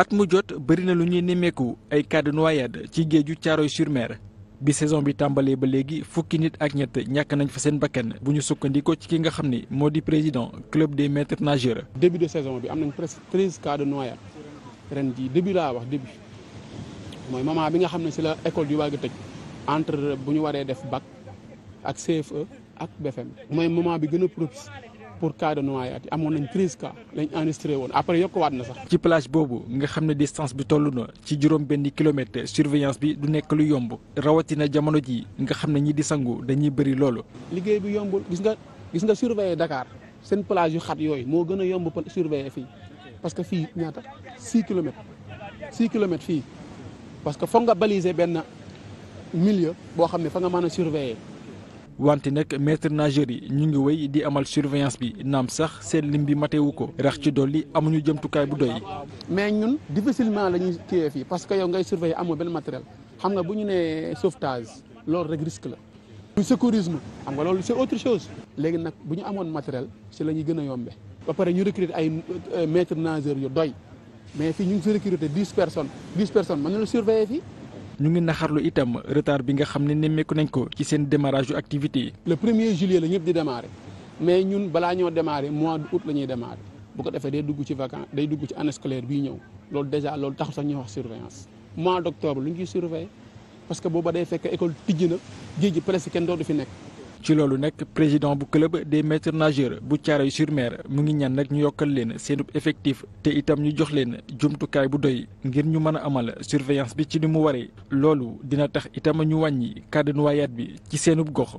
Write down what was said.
at mu jot bëri na lu ñuy nemeeku ay cas de noyade ci géeju Caaroy-sur-Mer bi saison bi tàmbalee ba léegi fukki nit ak ñett ñàkk nañ fa seen bakkan bu ñu sukkandikoo ci ki nga xam ni moo di président club des maîtres nageurs. début de saison bi am nañ presque treize cas noyade ren jii début laa wax début mooy moment bi nga xam ne si la école di waag a tëj entre bu ñu waree def bac ak CFE ak BFM mooy moment bi gën a propice. pour cas de noyade amoon nañ 13 cas lañ enregistré woon après waat na sax. ci plage boobu nga xam ne distance bi toll na ci juróom benn kilomètre surveillance bi du nekk lu yomb rawatina jamono ji nga xam ne ñi di sangu dañuy bëri loolu. liggéey bi yombul gis nga gis nga surveiller Dakar seen plage yu xat yooyu moo gën a yomb surveiller fii parce que fii ñaata 6 kilomètres 6 kilomètres fii parce que foog nga baliser benn milieu boo xam ne fa nga mën a wante nag maître nageurs yi ñu ngi wéy di amal surveillance bi naam sax seen lim bi matewu ko rax ci dolli amuñu jëmtukaay bu doy. mais ñun difficilement la ñuy téye fii parce que yow ngay surveiller amoo benn matériel xam nga bu ñu nee sauvetage loolu rek risque la. du secourisme xam nga loolu c'est autre chose. léegi nag bu ñu amoon matériel si la ñuy gën a yombee. ba pare ñu recruter ay euh, maître nageurs yu doy mais fii ñu ngi fi recruter dix personnes dix personnes mën na la surveiller ñu ngi naxarlu itam retard bi nga xam ne nemmeeku nañ ko ci seen démarrage yu activité le premier juillet la ñëpp di démarrer mais ñun balaa ñoo démarrer mois d'août la ñuy démarrer bu ko defee day dugg ci vacances day dugg ci année scolaire bi ñëw loolu déjà loolu taxu sax ñuy wax surveillance mois d'octobre lu ñu ciy surveiller parce que booba day fekk école tijji na géej gi presque kenn du fi nekk ci loolu nag président bu club des maîtres nageurs bu Thiaroye-sur-Mer mu ngi ñaan nag ñu yokkal leen seenub effectif te itam ñu jox leen jumtukaay bu doy ngir ñu mën a amal surveillance bi ci ni mu waree loolu dina tax itam ñu wàññi kàddu nuwaayaat bi ci seenub gox.